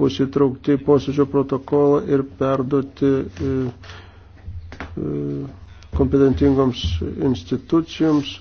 bus įtraukti į posėdžio protokolą ir perduoti e, e, kompetentingoms institucijoms.